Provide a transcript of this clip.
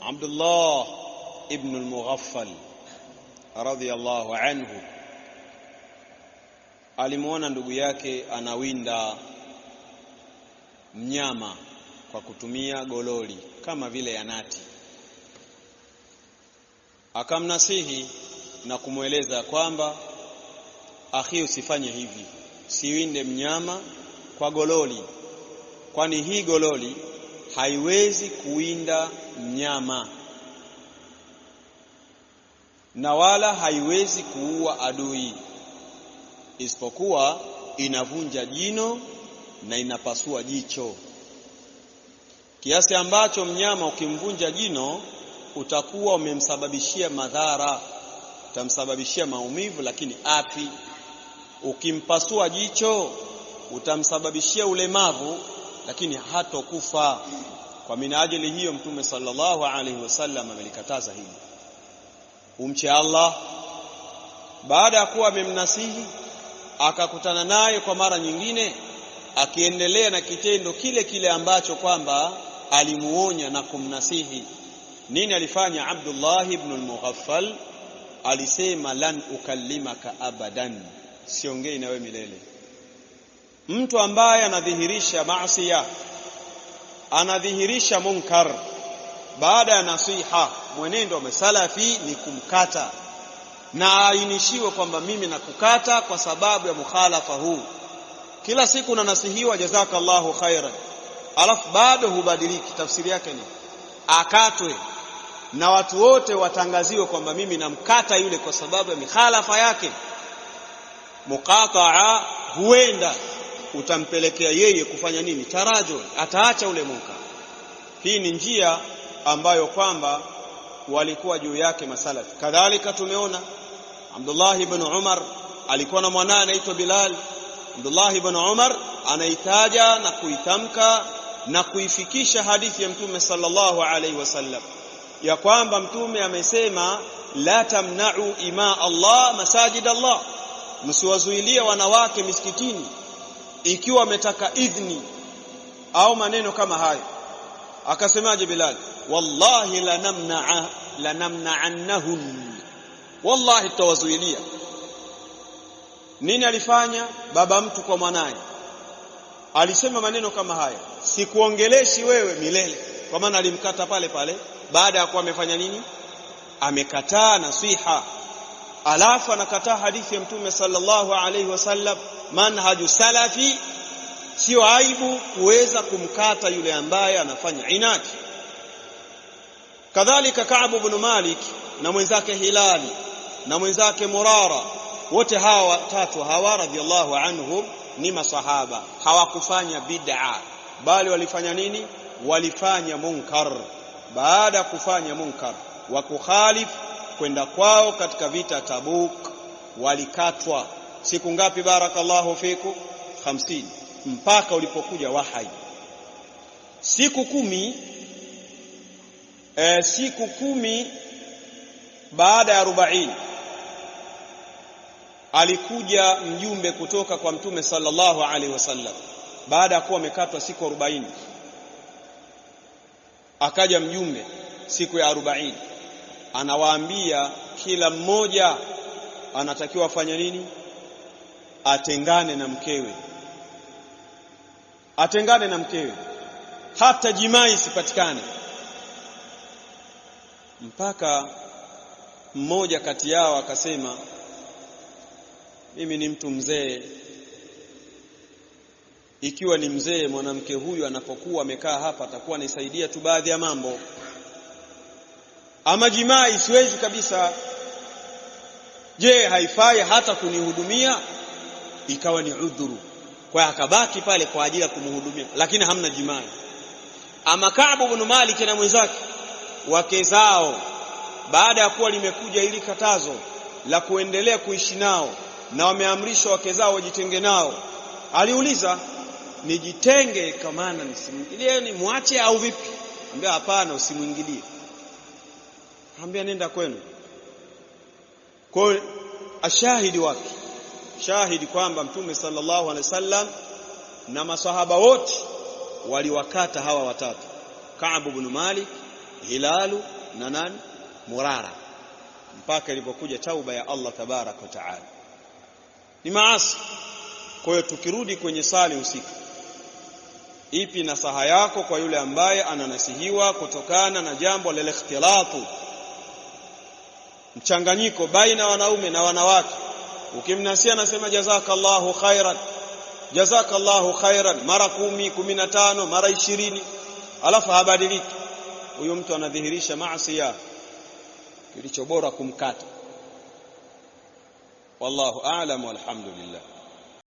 Abdullah ابن المغفل رضي الله عنه alimwona ndugu yake anawinda mnyama kwa kutumia gololi kama vile yanati akamnasihi na kumweleza kwamba akhi, usifanye hivi, siwinde mnyama kwa gololi, kwani hii gololi haiwezi kuinda mnyama na wala haiwezi kuua adui, isipokuwa inavunja jino na inapasua jicho, kiasi ambacho mnyama ukimvunja jino utakuwa umemsababishia madhara, utamsababishia maumivu lakini afi. Ukimpasua jicho utamsababishia ulemavu lakini hatokufa. Kwa minajili hiyo Mtume sallallahu alaihi wasallam amelikataza hili, umche Allah. Baada ya kuwa amemnasihi akakutana naye kwa mara nyingine, akiendelea na kitendo kile kile ambacho kwamba alimuonya na kumnasihi. Nini alifanya? Abdullah ibn al-Mughaffal alisema, lan ukallimaka abadan, siongei na wewe milele mtu ambaye anadhihirisha maasiya anadhihirisha munkar baada ya nasiha, mwenendo wa masalafi ni kumkata na ainishiwe kwamba mimi nakukata kwa sababu ya mukhalafa huu. Kila siku nanasihiwa jazakallahu khairan, alafu bado hubadiliki, tafsiri yake ni akatwe na watu wote watangaziwe kwamba mimi namkata yule kwa sababu ya mikhalafa yake. Muqataa huenda utampelekea yeye kufanya nini? Tarajul, ataacha ule munka Hii ni njia ambayo kwamba walikuwa juu yake masalafi. Kadhalika tumeona Abdullah ibn Umar alikuwa na mwanae anaitwa Bilal. Abdullah ibn Umar anaitaja na kuitamka na kuifikisha hadithi ya Mtume sallallahu alaihi wasallam ya kwamba Mtume amesema, la tamna'u ima Allah masajid Allah, msiwazuilie wanawake misikitini ikiwa ametaka idhni au maneno kama hayo akasemaje Bilal wallahi lanamna lanamnaannahun wallahi tutawazuilia nini alifanya baba mtu kwa mwanaye alisema maneno kama hayo sikuongeleshi wewe milele kwa maana alimkata pale pale baada ya kuwa amefanya nini amekataa nasiha alafu anakataa hadithi ya mtume sallallahu alaihi wasallam manhaju salafi sio aibu kuweza kumkata yule ambaye anafanya inadi kadhalika Ka'b ibn Malik na mwenzake Hilali na mwenzake Murara wote hawa watatu hawa radhiallahu anhum ni masahaba hawakufanya bid'a bali walifanya nini walifanya munkar baada kufanya munkar wa kukhalifu kwenda kwao katika vita Tabuk walikatwa siku ngapi? Barakallahu fiku hamsini, mpaka ulipokuja wahai siku kumi. E, siku kumi baada ya arobaini alikuja mjumbe kutoka kwa Mtume sallallahu alaihi wasallam baada ya kuwa amekatwa siku arobaini, akaja mjumbe siku ya arobaini anawaambia kila mmoja anatakiwa afanye nini? Atengane na mkewe, atengane na mkewe, hata jimai isipatikane mpaka mmoja kati yao akasema, mimi ni mtu mzee. Ikiwa ni mzee, mwanamke huyu anapokuwa amekaa hapa atakuwa anaisaidia tu baadhi ya mambo ama jimai siwezi kabisa, je, haifai hata kunihudumia? Ikawa ni udhuru, kwa akabaki pale kwa ajili ya kumhudumia, lakini hamna jimai. Ama Kaabu ibn Malik na mwenzake wake zao, baada ya kuwa limekuja hili katazo la kuendelea kuishi nao na wameamrishwa wake zao wajitenge nao, aliuliza nijitenge, kamana nisimwingilieni, mwache au vipi? ambaye hapana, usimwingilie ambia nenda kwenu. Kwa ashahidi wake shahidi kwamba Mtume sallallahu alaihi wasallam na masahaba wote waliwakata hawa watatu, Ka'b ibn Malik, Hilalu na nani Murara, mpaka ilipokuja tauba ya Allah tabaraka wa taala. Ni maasi. Kwa hiyo tukirudi kwenye sali usiku, ipi nasaha yako kwa yule ambaye ananasihiwa kutokana na jambo la ikhtilatu mchanganyiko baina wanaume na wanawake ukimnasia anasema jazakallahu khairan jazakallahu khairan mara kumi kumi na tano mara ishirini alafu habadiliki huyo mtu anadhihirisha maasiya kilicho bora kumkata wallahu a'lam walhamdulillah